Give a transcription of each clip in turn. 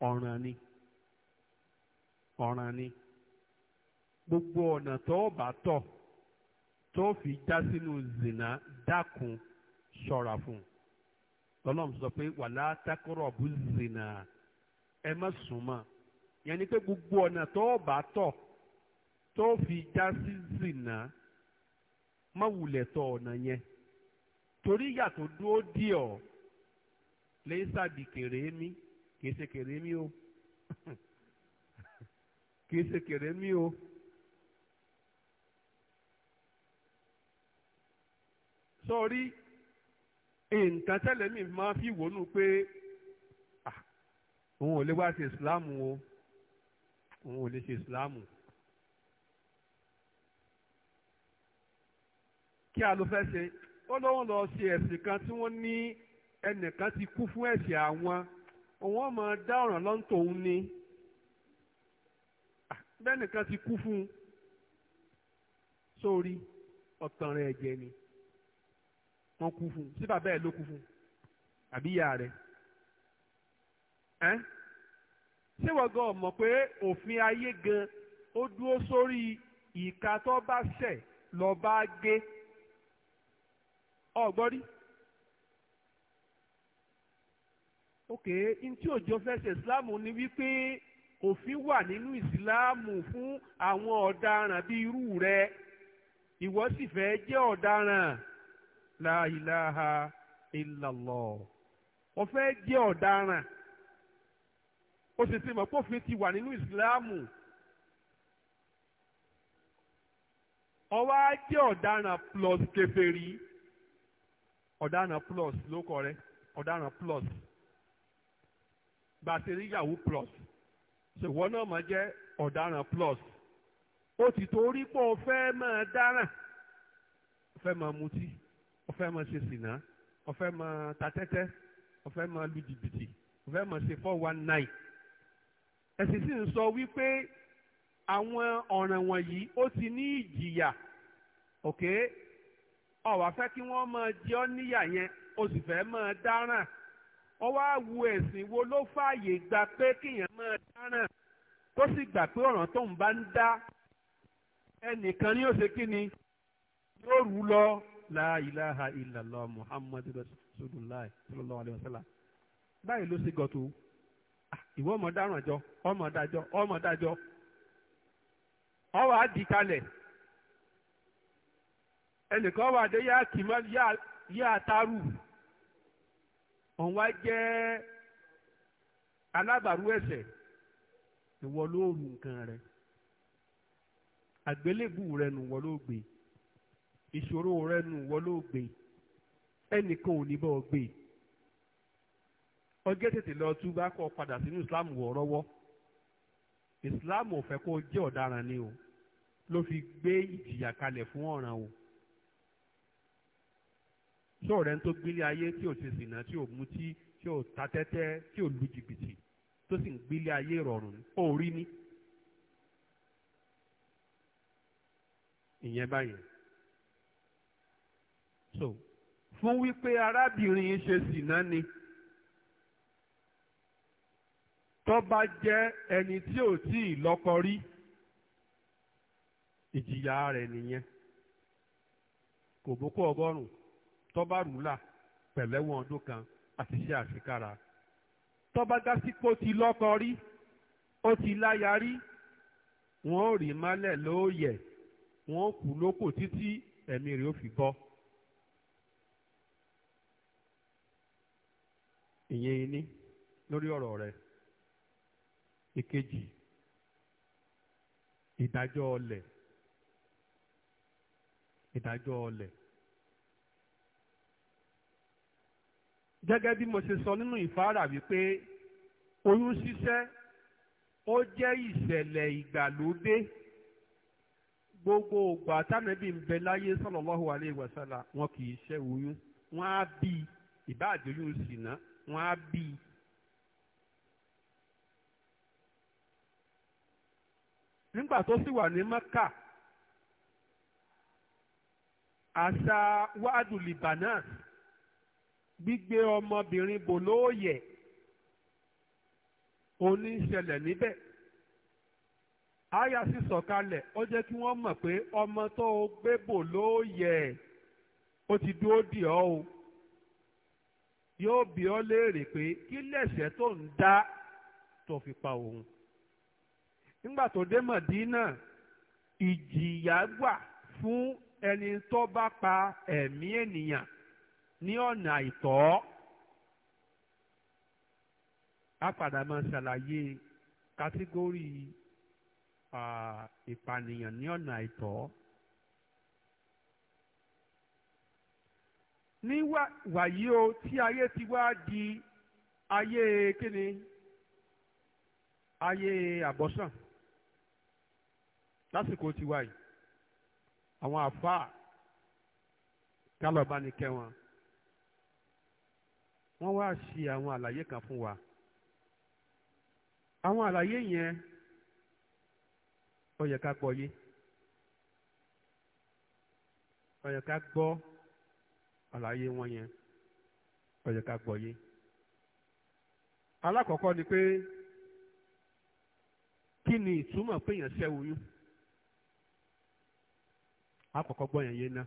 Ọranị, Ọranị, gbogbo ọ̀nà tó o bá tọ̀ tó fi já sínú zìnà dákun ṣọ́ra fún un lọ́lọ́run sọ pé wàlá tákọ́rọ̀ bú zìnà ẹ má yẹn ni pé gbogbo ọ̀nà tó o bá tọ̀ tó fi já sí zìnà má wulẹ̀ tọ̀ ọ̀nà yẹn torí ìyà tó dúró dì ọ́ lẹ́yìn kì í ṣe kèrè mí o kì í ṣe kèrè mí o. sọ́ọ́rí nǹkan tẹ́lẹ̀ mi máa fi wònú pé òun ò lè wá ṣe ìsìláàmù o òun ò lè ṣe ìsìláàmù. kí a ló fẹ́ ṣe ó lóun lọ ṣe ẹ̀sìn kan tí wọ́n ní ẹnìkan ti kú fún ẹ̀ṣẹ̀ àwọn òun ọmọ dá ọ̀ràn lọ́ńtò òun ni bẹ́ẹ̀ nìkan ti kú fún un sórí ọ̀tàn rẹ̀ ẹ̀jẹ̀ ni wọ́n kú fún un sí bàbá ẹ̀ ló kú fún un àbí ìyá rẹ̀ ẹ́ ṣé wọ́n gan mọ̀ pé òfin ayé gan ó dúró sórí ìka tó bá ṣẹ̀ lọ́ọ́ bá gé ọ̀gbọ́n rí. ok ntí òjò fẹsẹ̀ islam ni wípé òfin wà nínú ìsìláàmù fún àwọn ọ̀daràn bíi irú rẹ ìwọ sì fẹ́ jẹ́ ọ̀daràn la ilaha illallah ó fẹ́ jẹ́ ọ̀daràn ó sì ti mọ̀ pé òfin ti wà nínú ìsìláàmù ó wá jẹ́ ọ̀daràn plus kèfèrí ọ̀daràn plus ló kọ rẹ ọ̀daràn plus. bá a ṣe ní yahoo plus ṣèwọ́ náà máa jẹ́ ọ̀daràn plus ó ti torí pé o fẹ́ máa dáràn o fẹ́ máa mutí o fẹ́ máa ṣe sìnà o fẹ́ máa ta tẹ́tẹ́ o fẹ́ máa lu jìbìtì o fẹ́ máa ṣe four one nine ẹ̀sìn sì ń sọ wípé àwọn ọ̀ràn wọ̀nyí ó ti ní ìjìyà òkè ọ̀wà fẹ́ kí wọ́n máa jẹ ọ́ níyà yẹn o sì fẹ́ máa dáràn wọ́n wá wu ẹ̀sìn wo ló fààyè gba pé kíyàn máa dáràn tó sì gbà pé ọ̀ràn tó ń bá ń dá ẹnìkan ní òsè kíni yóò rú lọ la ilaha illallah muhammadu rasulullah sallallahu alayhi wa sallam báyìí ló sì gọ̀tù ah, ìwọ ọmọ dáràn jọ ọmọ dájọ ọmọ dájọ ọwọ àdì kalẹ̀ ẹnìkan wà dé yá kìmọ yá àtàrù òun wá jẹ́ alábàárú ẹ̀ṣẹ̀ ìwọ ló rù nǹkan rẹ àgbélébù rẹ nù wọ́n ló gbé ìṣòro rẹ nù wọ́n ló gbé ẹnìkan ò ní bọ́ gbé ọjọ́ tètè lọ tú bá kọ́ padà sínú Islam wọ̀ rọ́wọ́ Islam ò fẹ́ kó jẹ́ ọ̀daràn ni o ló fi gbé ìjìyà kalẹ̀ fún ọ̀ràn o tí ọ̀rẹ́ ń tó gbélé ayé tí ò ṣe sìnà tí ò mutí tí ò ta tẹ́tẹ́ tí ò lu jìbìtì tó sì ń gbélé ayé ìrọ̀rùn ó rí ni. ìyẹn báyẹn. so fún wípé arábìnrin ṣe sìnà ni tó bá jẹ́ ẹni tí ò tí ì lọ́kọ rí ìjìyà rẹ̀ nìyẹn kò bókó ọgọ́rùn-ún tọ́ba rúlà pẹ̀lẹ́wọ̀n ọdún kan àti ṣe àṣekára tọ́ba gásípò ti lọ́kọ rí ó ti láya rí wọ́n ò rí málẹ̀ lóòyẹ̀ wọ́n ò kú lóko títí ẹ̀mí rẹ̀ ó fi bọ́. ìyẹn ni lórí ọ̀rọ̀ rẹ̀ ìkejì ìdájọ́ ọlẹ̀ ìdájọ́ ọlẹ̀. gẹ́gẹ́ bí mo ṣe sọ nínú ìfáàrà wípé oyún ṣíṣẹ́ ó jẹ́ ìṣẹ̀lẹ̀ ìgbàlódé gbogbo ògbà tánàbí ń bẹ láyé sallallahu alaihi wasallam wọn kì í ṣe oyún wọn á bí ìbá sì ṣìnà wọn á bí. nígbà tó sì wà ní Mẹ́kà àṣà wàdùlì banas gbígbé ọmọbìnrin bò lóòyè oníṣẹ̀lẹ̀ níbẹ̀ àyà sì sọ̀kalẹ̀ ó jẹ́ kí wọ́n mọ̀ pé ọmọ tó o gbé bò lóòyè ó ti dúró dì ọ́ o yóò bi ọ́ léèrè pé kí lẹ̀ṣẹ̀ tó ń dá tó fi pa òun nígbà tó dé Mọ̀dínà ìjìyà wà fún ẹni tó bá pa ẹ̀mí ènìyàn ní ọ̀nà àìtọ́ a padà máa ṣàlàyé kátígórì ìpànìyàn ní ọ̀nà àìtọ́. ní wàyí o tí ayé ti wá di ayé kíni ayé àbọ̀sán lásìkò tiwa yìí àwọn àfáà kálọ̀ bá ní wọ́n wá ṣe àwọn àlàyé kan fún wa àwọn àlàyé yẹn ó yẹ ká gbọ́ yé ó ká gbọ́ àlàyé wọn yẹn ó yẹ ká gbọ́ yé alákọ̀ọ́kọ́ ni pé kí ni ìtumọ̀ pé èèyàn ṣẹ́ oyún àkọ́kọ́ gbọ́ yẹn yé ná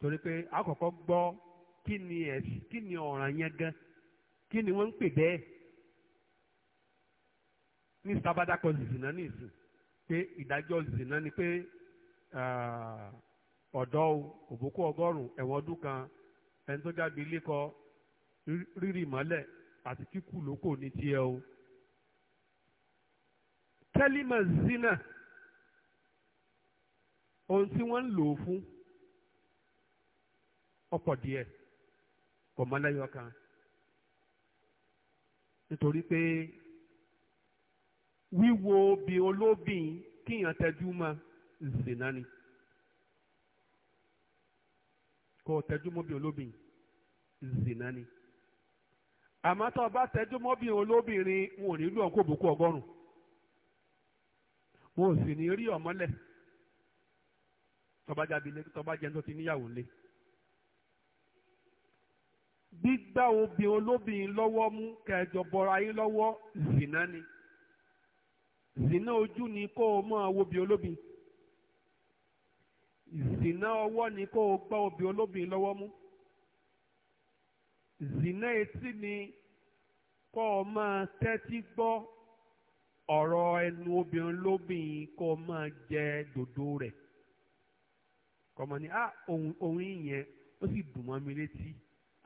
torí pé àkọ́kọ́ gbọ́. kí ni ẹ̀sìn kí ni ọ̀ràn yẹn gan kí ni wọ́n ń pè bẹ́ẹ̀ ní sábàdàkọ zìnà ní ìsìn pé ìdájọ́ zìnà ni pé ọ̀dọ́ òbókú ọgọ́rùn-ún ẹ̀wọ̀n ọdún kan ẹni tó jáde ilé kọ rírì mọ́lẹ̀ àti kíkú lóko ní tiẹ̀ o. kẹ́límà zina ohun tí wọ́n ń lò ó fún ọ̀pọ̀ díẹ̀ kò mọ́ lẹ́yọ kan nítorí pé wíwo bí olóbìn kíyàn tẹjú mọ́ zìnà ni kò tẹjú mọ́ bí olóbìn zìnà ni àmọ́ tó o bá tẹjú mọ́ bí olóbìnrin wọn ò ní lù ọ́ kó bùkún ọgọ́rùn wọn sì ní rí ọmọlẹ̀ tọ́ba lé tọ́ba ti níyàwó lé gbígbá obìnrin olóbìnrin lọ́wọ́ mú kẹjọ bọ́ra yín lọ́wọ́ zìnà ni zìnà ojú ni kó o mọ obìnrin olóbìnrin zìnà ọwọ́ ni kó o gbá obìnrin olóbìnrin lọ́wọ́ mú zìnà etí ni kó o máa tẹ́tí gbọ́ ọ̀rọ̀ ẹnu obìnrin olóbìnrin kó o máa jẹ dòdò rẹ̀ kọ́mọ ni ah ohun ìyẹn ó sì dùn mọ́ mi létí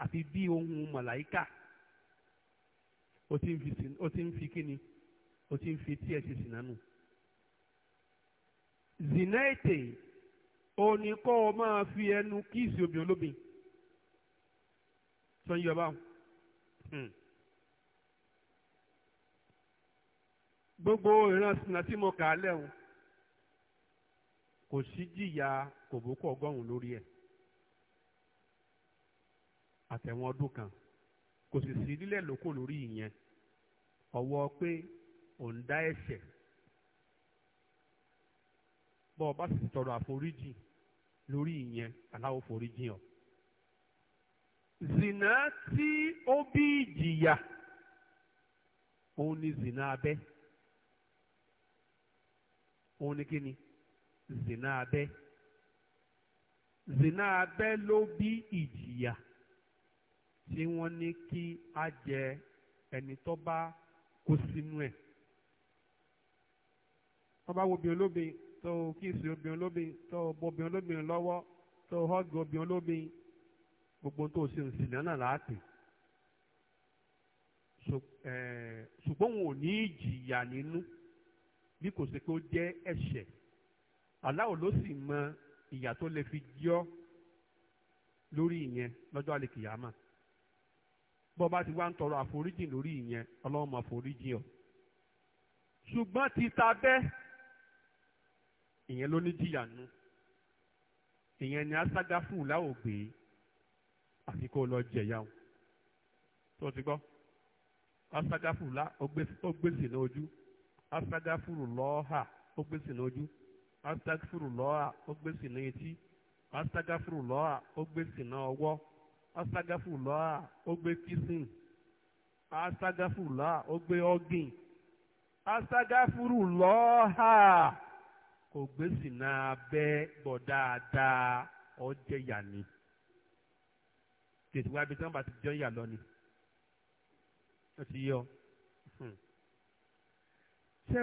àfi bí ohun màláìkà ó ti ń fi kíni ó ti ń fi tí ẹ ti sìn nánú. zina ètè ó ní kọ́ ọ máa fi ẹnu kíìsì obìnrin olóbìn sọ yíyọ báwọn. Hmm. gbogbo ìran sinna tí mo kà á lẹ́hùn kò sí jìyà kòbókò ọgọ́rùn-ún lórí ẹ̀ àtẹ̀wọ̀n ọdún kan kò sì sí lílẹ̀ lóko lórí ìyẹn ọwọ́ pé ò ń dá ẹ̀ṣẹ̀ bọ́ bá sì tọrọ àforíjì lórí ìyẹn aláwọ̀ foríjì ọ̀ zina tí ó bí ìjìyà òun ni zina abẹ́ òun ni kíni zina abẹ́ zina abẹ́ ló bí ìjìyà tí wọ́n ní kí á jẹ ẹni tó bá kó sínú ẹ̀ wọ́n bá wo obìnrin olóbìn tó o kíìsì obìnrin olóbìn tó o bọ obìnrin olóbìn lọ́wọ́ tó o họ́gì obìnrin olóbìn gbogbo tó o ṣe òsì náà láàpì ṣùgbọ́n wọn ò ní ìjìyà nínú bí kò sí pé ó jẹ́ ẹ̀ṣẹ̀ aláwo ló sì mọ ìyà tó lè fi jọ́ lórí ìyẹn lọ́jọ́ àlèkìyàmá. bó bá ti wá ń tọrọ àforíjì lórí ìyẹn ọ ṣùgbọ́n ti ta bẹ́ ìyẹn ló ní jìyànú ìyẹn ni asagafula láògbé àfi kó lọ o tó ti gbọ́ aságáfù lá ó gbèsè ní ojú aságáfù lọ́ọ̀hà ó gbèsè ní ojú aságáfù ó ní etí asagafula ogbe gbé asagafula ogbe gbé asagafuru lọha kò gbé sínú abẹ́ bọ̀ dáadáa ọjẹ́ yà ni tètè ibi tí wọ́n bá ti jọ yà lọ ni ó ti yọ hmm. ṣe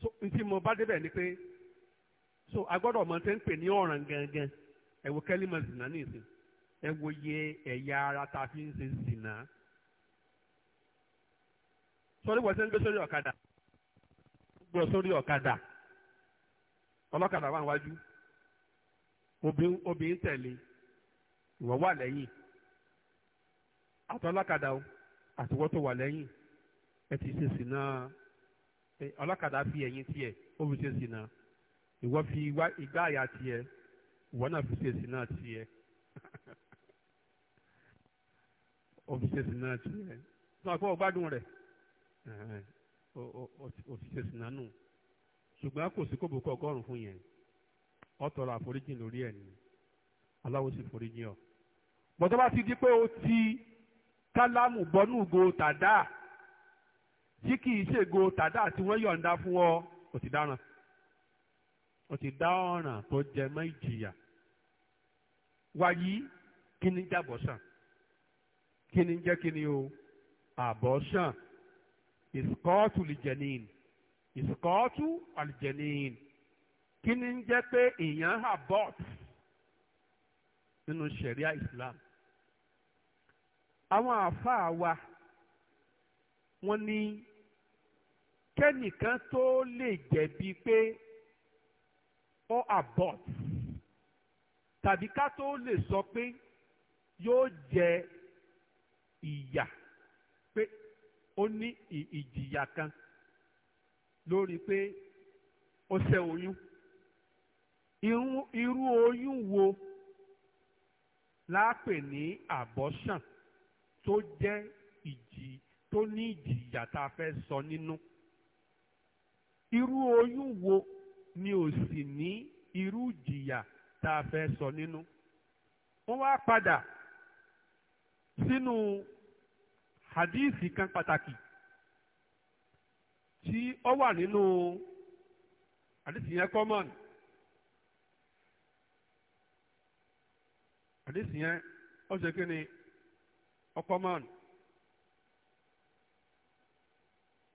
so rí mo bá ni pé so agbọ́dọ̀ mọ̀ tẹ́ ń pè ní ọ̀ràn ẹ wo kẹ́límà zìnà ní ìsìn ara tá a fi ń ṣe zìnà sọ́rí wọ́n ṣe ń gbé sórí ọ̀kadà gbọ́ sórí ọ̀kadà ọlọ́kadà wà wájú obìnrin tẹ̀lé ìwọ wà lẹ́yìn àtọ́lọ́kadà o àtiwọ́ tó wà lẹ́yìn ẹ ti ṣe fi ẹ̀yìn tiẹ̀ ó fi ṣe fi igbá àyà tiẹ̀ ìwọ náà fi ṣèṣì náà tiẹ̀ ó fi ṣèṣì náà tiẹ̀ sọ pé ó gbádùn rẹ̀ ó fi ṣèṣì náà nù ṣùgbọ́n kò sí kòbó kọ́ ọgọ́rùn-ún fún yẹn ó tọrọ àforíjìn lórí ẹ̀ ni Allah sì foríjìn ọ bọ́tọ́ bá ti di pé ó ti kálámù bọ́nú go tàdá tí kì í ṣègo tàdá tí wọ́n yọ̀ǹda fún ọ ó ti dáràn ó ti dá ọ̀ràn tó jẹ mọ́ ìjìyà wàyí kí ni jẹ́ abortion kí ni jẹ́ kí ni o abortion ìsìkọ́ọ̀tù lìjẹ̀nìn ìsìkọ́ọ̀tù àlìjẹ̀nìn kí ni pé èèyàn abort nínú ṣẹ̀ríà Islam àwọn àáfàá wa wọ́n ní kẹ́nìkan tó lè jẹ̀bi pé ó abort tàbí ká tó lè sọ pé yóò jẹ ìyà pé ó ní ìjìyà kan lórí pé ó ṣẹ́ oyún irú oyún wo láàpè ní abortion tó jẹ́ ìjì tó ní ìjìyà tá a fẹ́ sọ nínú irú oyún wo ni ò sì ní irú ìjìyà tá a fẹ́ sọ nínú wọ́n wá padà sínú hadíìsì kan pàtàkì tí ó wà nínú hadíìsì yẹn common hadíìsì yẹn ó ṣe kí ni ó common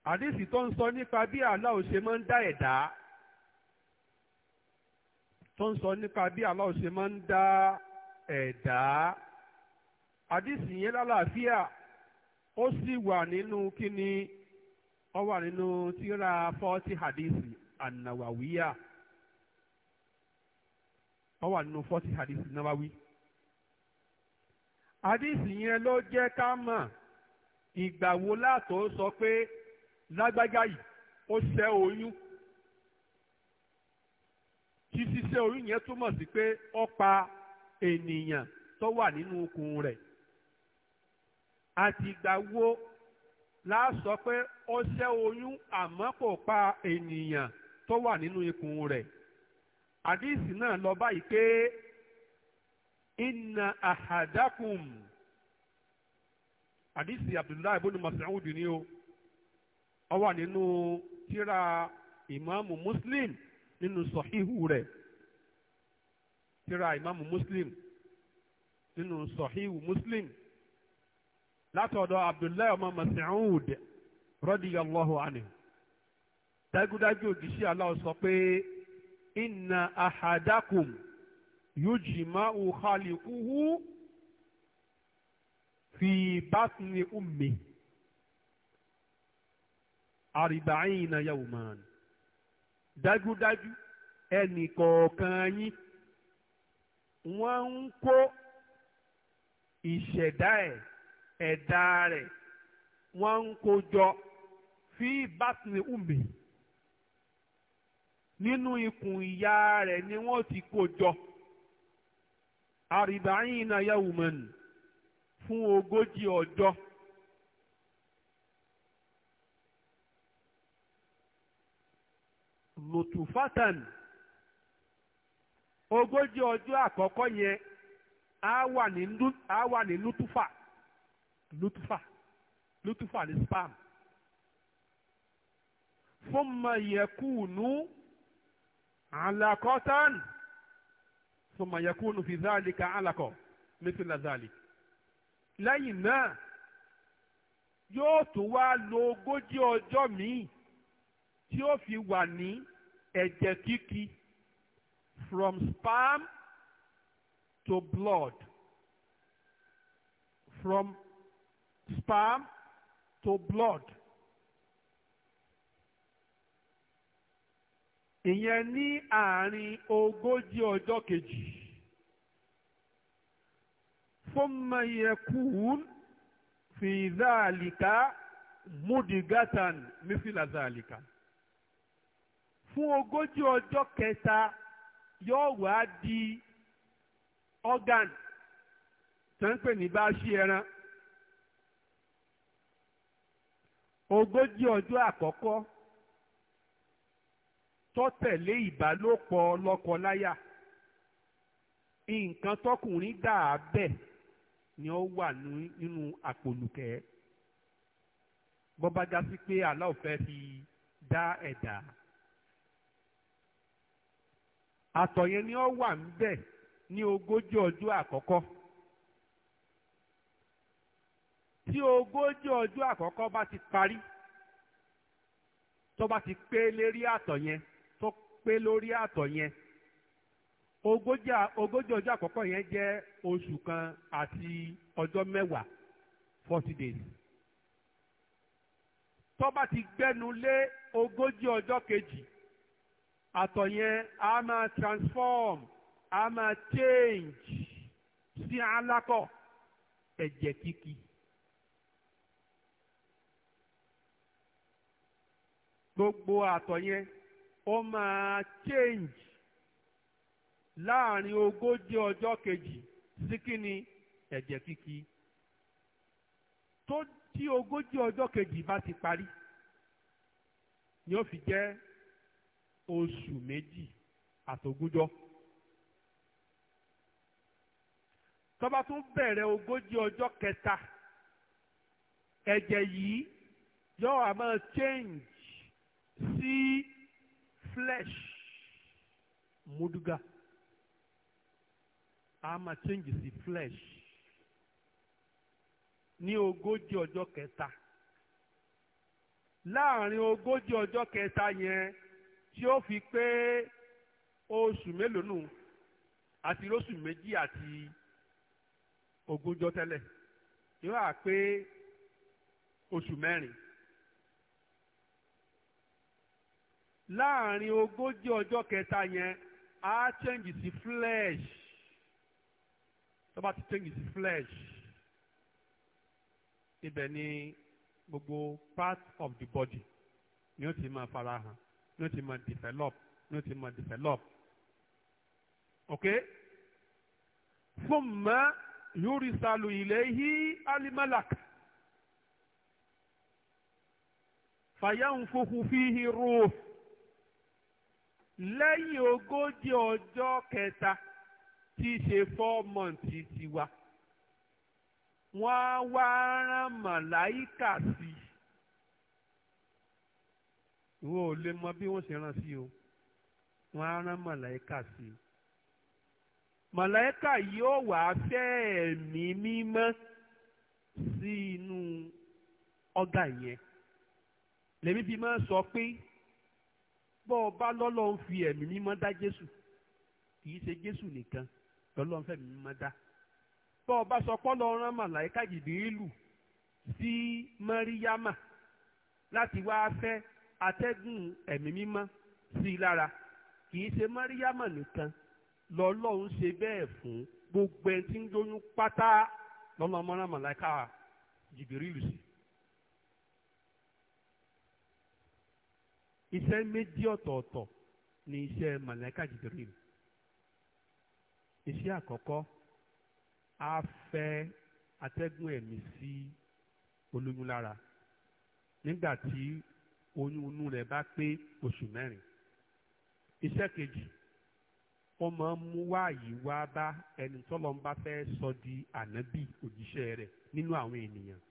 hadíìsì tó ń sọ nípa bí Allah ṣe máa ń dá ẹ̀dá. tó ń sọ nípa bí Allah ṣe máa ń dá ẹ̀dá àdìsí yẹn lálàáfíà ó sì wà nínú kíni ó wà nínú tíra fọ́tí hadisi ànàwàwíyà ó wà nínú fọ́tí hadisi náwáwí. hadisi yẹn ló jẹ́ ká mọ̀ ìgbà wo látò sọ pé lágbájá yìí ó ṣẹ́ oyún. tí ṣíṣe oyún yẹn túmọ̀ sí pé ó pa ènìyàn tó wà nínú okùn rẹ̀ àtìgbà wo la sọ pé ó ṣẹ́ oyún àmọ́ kò pa ènìyàn tó wà nínú ikùn rẹ̀ àdìsí náà lọ báyìí pé inna ahadakum àdìsí abdullahi ibn Mas'ud ni o ó wà nínú tírà ìmáàmù Muslim nínú sọ̀híhù rẹ̀ tírà ìmáàmù muslim nínú sọ̀híhù muslim látọ̀dọ̀ abdullahi ọmọ mas'ud radiyallahu anhu dájúdájú òjíṣẹ́ Allah sọ pé inna ahadakum yujma'u khaliquhu fi batni ummi arba'ina yawman. dájúdájú ẹnì kọ̀ọ̀kan yín wọ́n ń kó ìṣẹ̀dá ẹ̀ ẹ̀dá rẹ̀ wọ́n ń kó jọ fi bátìrì ùmí nínú ikùn ìyá rẹ̀ ni wọ́n ti kó jọ àrìbáyìn náà yẹ wùmẹ̀nù fún ogójì ọjọ́. lùtùfátàn ogójì ọjọ́ àkọ́kọ́ yẹn á wà ní á wà ní lùtùfà lùtùfà lùtùfà ní spam fún mayekunu alakọ́tàn fún mayekunu fi zálika alakọ́ mẹ́sìlá zálika lẹ́yìn náà yóò tún wá lo ogójì ọjọ́ míì tí ó fi wà ní ẹ̀jẹ̀ kíkí from sperm to blood from sperm to blood. ìyẹn ní àárín ogójì ọjọ́ kejì fọ́mọ yẹkùn fi dáàlìkà múdìgátàn mífìlà dáàlìkà. fún ogójì ọjọ́ kẹta yóò wá di organ tó ń pè ní báṣí ẹran ogójì ọjọ́ àkọ́kọ́ tó tẹ̀lé ìbálòpọ̀ lọ́kọláya nǹkan tọkùnrin dà á bẹ̀ ni ó wà nínú àpòlùkẹ́ bọ́bá já sí pé aláwọ̀ fẹ́ fi dá ẹ̀dá. E àtọ̀ yẹn ni ó wà níbẹ̀ ní ogójì ọjọ́ àkọ́kọ́ tí ogójì ọjọ́ àkọ́kọ́ bá ti parí tó bá ti pé lérí àtọ̀ yẹn tó pé lórí àtọ̀ yẹn ogójì ọjọ́ àkọ́kọ́ yẹn jẹ́ oṣù kan àti ọjọ́ mẹ́wàá forty days tó bá ti gbẹ́nu lé ogójì ọjọ́ kejì àtọ̀ yẹn a máa transform a máa change sí alákọ̀ ẹ̀jẹ̀ kíkì. gbogbo àtọ̀ yẹn ó máa change láàrin ogójì ọjọ́ kejì sí kíni ẹ̀jẹ̀ kíkì tó tí ogójì ọjọ́ kejì bá ti parí ni ó fi jẹ́ oṣù méjì àtògúnjọ́ tọ́ba tún bẹ̀rẹ̀ ogójì ọjọ́ kẹta ẹ̀jẹ̀ yìí yóò á máa change sí flesh muduga á máa change sí flesh ní ogójì ọjọ́ kẹta láàrin ogójì ọjọ́ kẹta yẹn. tí ó fi pé oṣù mélòó nù àti lóṣù méjì àti ogúnjọ́ tẹ́lẹ̀ yóò hà pé oṣù mẹ́rin láàrin ogójì ọjọ́ kẹta yẹn á change sí flesh tó bá ti change sí flesh ibẹ̀ ni gbogbo part of the body ni ó ti máa fara hàn ló ti máa develop ló ti máa develop ok thumma yurisalu ilayhi alimalak fayanfukhu fihi ruh lẹ́yìn ogójì ọjọ́ kẹta tí í ṣe four months tiwa wọ́n á wá rán màláìkà sí ìwọ ò lè mọ bí wọ́n ṣe rán sí o wọ́n á rán màláìka sí i màláìka yóò wá fẹ́ ẹ̀mí mímọ́ sí inú ọ̀gá yẹn lèmi fi máa sọ pé bọ́ ọ bá lọ́lọ́run fi ẹ̀mí mímọ́ dá Jésù kìí ṣe Jésù nìkan lọ́lọ́run fẹ̀mí mímọ́ dá bọ́ ọ bá sọ pọ́lọ́ rán màláìka jìbìrìlù sí Mọ́ríyámà láti wá fẹ́ atẹ́gùn ẹ̀mí mima sí i lára kì í ṣe Mariam nìkan lọ́lọ́run ṣe bẹ́ẹ̀ fún gbogbo ẹni tí ń lóyún pátá lọ́lọ́mọ́rán màláìka jìbìrìlù sí. iṣẹ́ méjì ni iṣẹ́ màláìka jìbìrìlù. iṣẹ́ àkọ́kọ́ a fẹ́ atẹ́gùn ẹ̀mí sí olóyún lára nígbà oyún inú rẹ̀ bá pé oṣù mẹ́rin iṣẹ́ kejì wọ́n máa ń mú wáàyí wá bá ẹni tọ́lọ́ ń bá fẹ́ sọ di ànábì òjíṣẹ́ rẹ̀ nínú àwọn ènìyàn.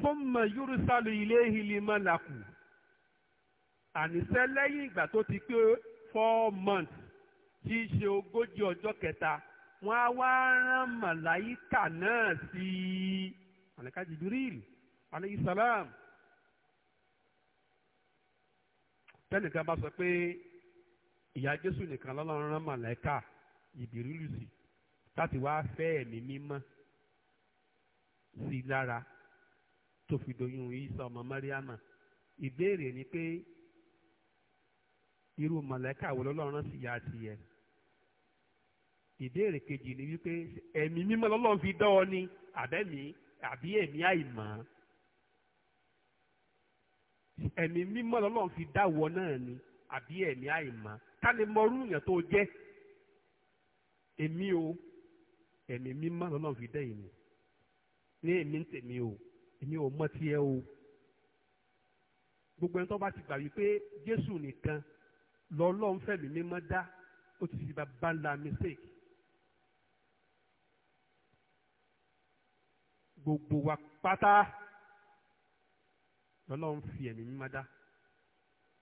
fọ́nmà yorùsálù ilé ìlímọ̀ làkù àníṣe lẹ́yìn ìgbà tó ti pé four months tí í ṣe ogójì ọjọ́ kẹta wọ́n á wá rán màláyíkà náà sí àlẹ́kájì dúrílì. aleyhi salam tẹnìkan bá sọ pé ìyá jésù nìkan lọ́lọ́run rán màlẹ́kà ìbírúlù sí láti wá fẹ́ ẹ̀mí mímọ́ sí lára tó fi doyún ọmọ Mariama ìbéèrè ni pé irú màlẹ́kà wo lọ́lọ́run ìbéèrè kejì ni wípé ẹ̀mí mímọ́ lọ́lọ́run fi ni àbẹ́mí àbí ẹ̀mí àìmọ́ ẹ̀mí mímọ́ lọ́lọ́run fi dáwọ́ náà ni àbí ẹ̀mí àìmọ́ ká lè mọ orú èèyàn tó jẹ́ èmi o ẹ̀mí mímọ́ lọ́lọ́run fi dá èmi ní èmi ń tèmi o èmi ò mọ tiẹ̀ o gbogbo ẹni tó bá ti gbà wípé Jésù nìkan lọ́lọ́run fẹ̀mí mímọ́ dá ó ti fi bá ńlá mistake gbogbo wa pátá lọ́lọ́run fi ẹ̀mí mímá dá